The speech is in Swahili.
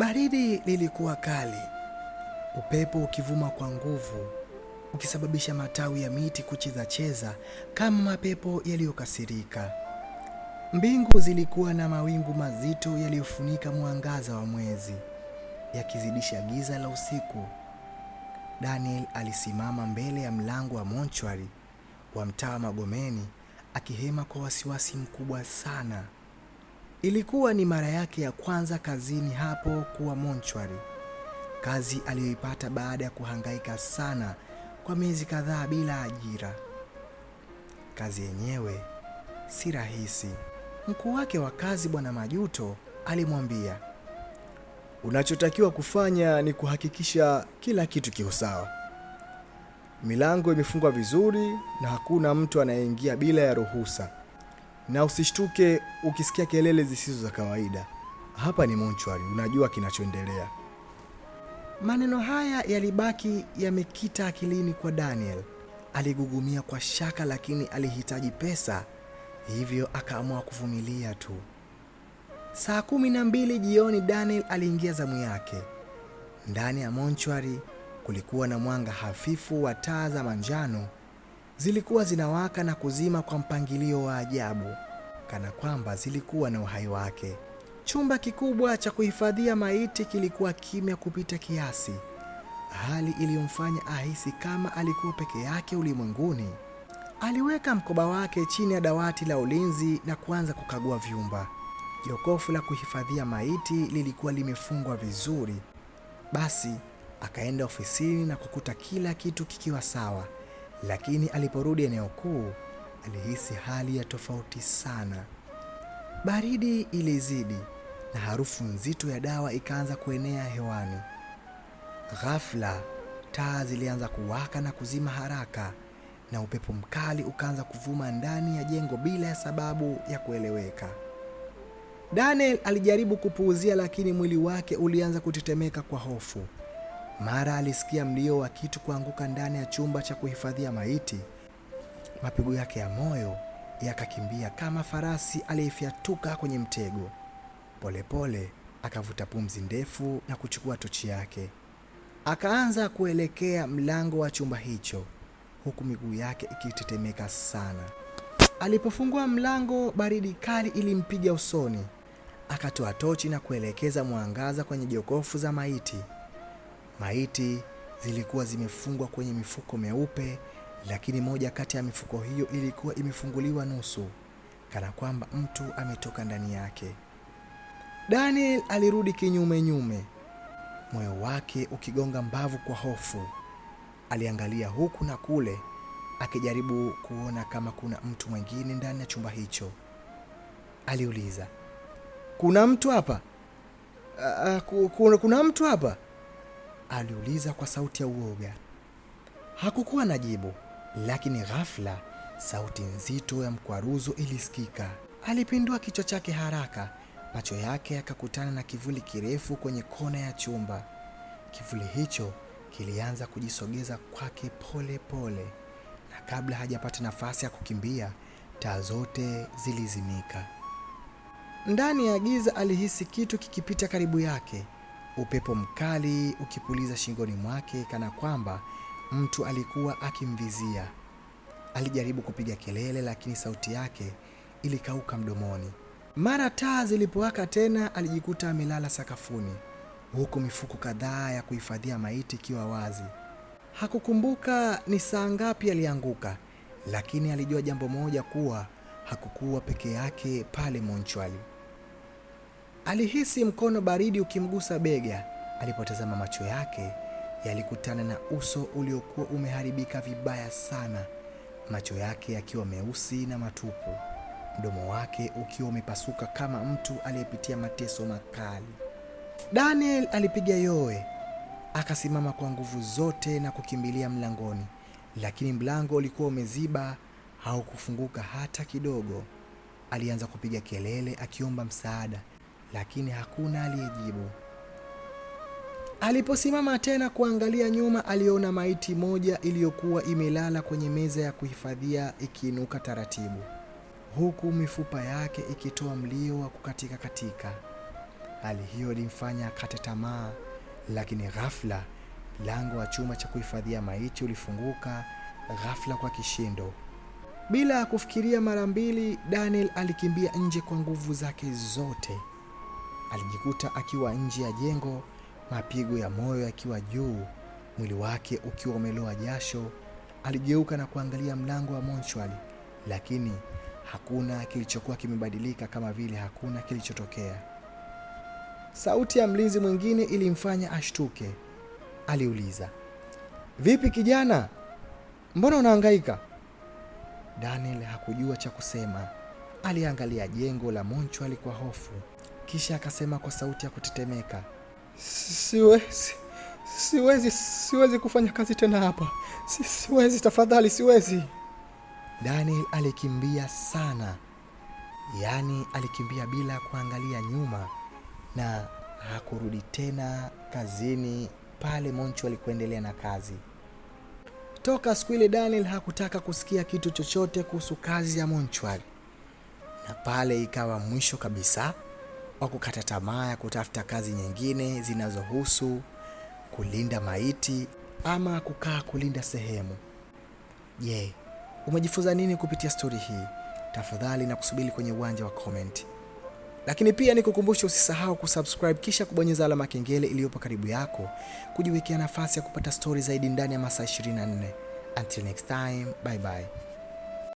Baridi lilikuwa kali, upepo ukivuma kwa nguvu ukisababisha matawi ya miti kucheza cheza kama mapepo yaliyokasirika. Mbingu zilikuwa na mawingu mazito yaliyofunika mwangaza wa mwezi, yakizidisha giza la usiku. Daniel alisimama mbele ya mlango wa monchwari wa mtaa wa Magomeni akihema kwa wasiwasi mkubwa sana. Ilikuwa ni mara yake ya kwanza kazini hapo kuwa monchwari, kazi aliyoipata baada ya kuhangaika sana kwa miezi kadhaa bila ajira. Kazi yenyewe si rahisi. Mkuu wake wa kazi Bwana Majuto alimwambia, unachotakiwa kufanya ni kuhakikisha kila kitu kiko sawa, milango imefungwa vizuri na hakuna mtu anayeingia bila ya ruhusa na usishtuke ukisikia kelele zisizo za kawaida. Hapa ni monchwari, unajua kinachoendelea. Maneno haya yalibaki yamekita akilini kwa Daniel. Aligugumia kwa shaka, lakini alihitaji pesa, hivyo akaamua kuvumilia tu. Saa kumi na mbili jioni Daniel aliingia zamu yake. Ndani ya monchwari kulikuwa na mwanga hafifu wa taa za manjano zilikuwa zinawaka na kuzima kwa mpangilio wa ajabu, kana kwamba zilikuwa na uhai wake. Chumba kikubwa cha kuhifadhia maiti kilikuwa kimya kupita kiasi, hali iliyomfanya ahisi kama alikuwa peke yake ulimwenguni. Aliweka mkoba wake chini ya dawati la ulinzi na kuanza kukagua vyumba. Jokofu la kuhifadhia maiti lilikuwa limefungwa vizuri. Basi akaenda ofisini na kukuta kila kitu kikiwa sawa lakini aliporudi eneo kuu alihisi hali ya tofauti sana. Baridi ilizidi na harufu nzito ya dawa ikaanza kuenea hewani. Ghafla taa zilianza kuwaka na kuzima haraka, na upepo mkali ukaanza kuvuma ndani ya jengo bila ya sababu ya kueleweka. Daniel alijaribu kupuuzia, lakini mwili wake ulianza kutetemeka kwa hofu. Mara alisikia mlio wa kitu kuanguka ndani ya chumba cha kuhifadhia maiti. Mapigo yake ya moyo yakakimbia kama farasi aliyefyatuka kwenye mtego. Polepole pole, akavuta pumzi ndefu na kuchukua tochi yake. Akaanza kuelekea mlango wa chumba hicho huku miguu yake ikitetemeka sana. Alipofungua mlango, baridi kali ilimpiga usoni. Akatoa tochi na kuelekeza mwangaza kwenye jokofu za maiti. Maiti zilikuwa zimefungwa kwenye mifuko meupe, lakini moja kati ya mifuko hiyo ilikuwa imefunguliwa nusu, kana kwamba mtu ametoka ndani yake. Daniel alirudi kinyume nyume, moyo wake ukigonga mbavu kwa hofu. Aliangalia huku na kule, akijaribu kuona kama kuna mtu mwingine ndani ya chumba hicho. Aliuliza, kuna mtu hapa? Ah, ah, kuna mtu hapa? aliuliza kwa sauti ya uoga. Hakukuwa na jibu, lakini ghafla sauti nzito ya mkwaruzo ilisikika. Alipindua kichwa chake haraka, macho yake yakakutana na kivuli kirefu kwenye kona ya chumba. Kivuli hicho kilianza kujisogeza kwake pole pole, na kabla hajapata nafasi ya kukimbia, taa zote zilizimika. Ndani ya giza alihisi kitu kikipita karibu yake upepo mkali ukipuliza shingoni mwake kana kwamba mtu alikuwa akimvizia. Alijaribu kupiga kelele, lakini sauti yake ilikauka mdomoni. Mara taa zilipowaka tena, alijikuta amelala sakafuni, huku mifuko kadhaa ya kuhifadhia maiti ikiwa wazi. Hakukumbuka ni saa ngapi alianguka, lakini alijua jambo moja, kuwa hakukuwa peke yake pale Monchwali. Alihisi mkono baridi ukimgusa bega. Alipotazama macho yake yalikutana na uso uliokuwa umeharibika vibaya sana, macho yake yakiwa meusi na matupu, mdomo wake ukiwa umepasuka kama mtu aliyepitia mateso makali. Daniel alipiga yowe, akasimama kwa nguvu zote na kukimbilia mlangoni, lakini mlango ulikuwa umeziba, haukufunguka hata kidogo. Alianza kupiga kelele akiomba msaada, lakini hakuna aliyejibu. Aliposimama tena kuangalia nyuma, aliona maiti moja iliyokuwa imelala kwenye meza ya kuhifadhia ikiinuka taratibu, huku mifupa yake ikitoa mlio wa kukatika katika. Hali hiyo ilimfanya akate tamaa, lakini ghafla lango wa chuma cha kuhifadhia maiti ulifunguka ghafla kwa kishindo. Bila ya kufikiria mara mbili, Daniel alikimbia nje kwa nguvu zake zote. Alijikuta akiwa nje ya jengo, mapigo ya moyo yakiwa juu, mwili wake ukiwa umeloa jasho. Aligeuka na kuangalia mlango wa monchwali, lakini hakuna kilichokuwa kimebadilika, kama vile hakuna kilichotokea. Sauti ya mlinzi mwingine ilimfanya ashtuke. Aliuliza, vipi kijana, mbona unahangaika? Daniel hakujua cha kusema. Aliangalia jengo la monchwali kwa hofu. Kisha akasema kwa sauti ya kutetemeka, siwezi, siwezi, siwezi kufanya kazi tena hapa, siwezi, tafadhali, siwezi. Daniel alikimbia sana, yaani alikimbia bila kuangalia nyuma na hakurudi tena kazini pale. Monchu alikuendelea na kazi. Toka siku ile Daniel hakutaka kusikia kitu chochote kuhusu kazi ya Monchwari, na pale ikawa mwisho kabisa wa kukata tamaa ya kutafuta kazi nyingine zinazohusu kulinda maiti ama kukaa kulinda sehemu. Je, yeah, umejifunza nini kupitia stori hii? Tafadhali na kusubiri kwenye uwanja wa comment. Lakini pia nikukumbusha, usisahau kusubscribe kisha kubonyeza alama kengele iliyopo karibu yako, kujiwekea nafasi ya kupata stori zaidi ndani ya masaa 24. Until next time, bye bye.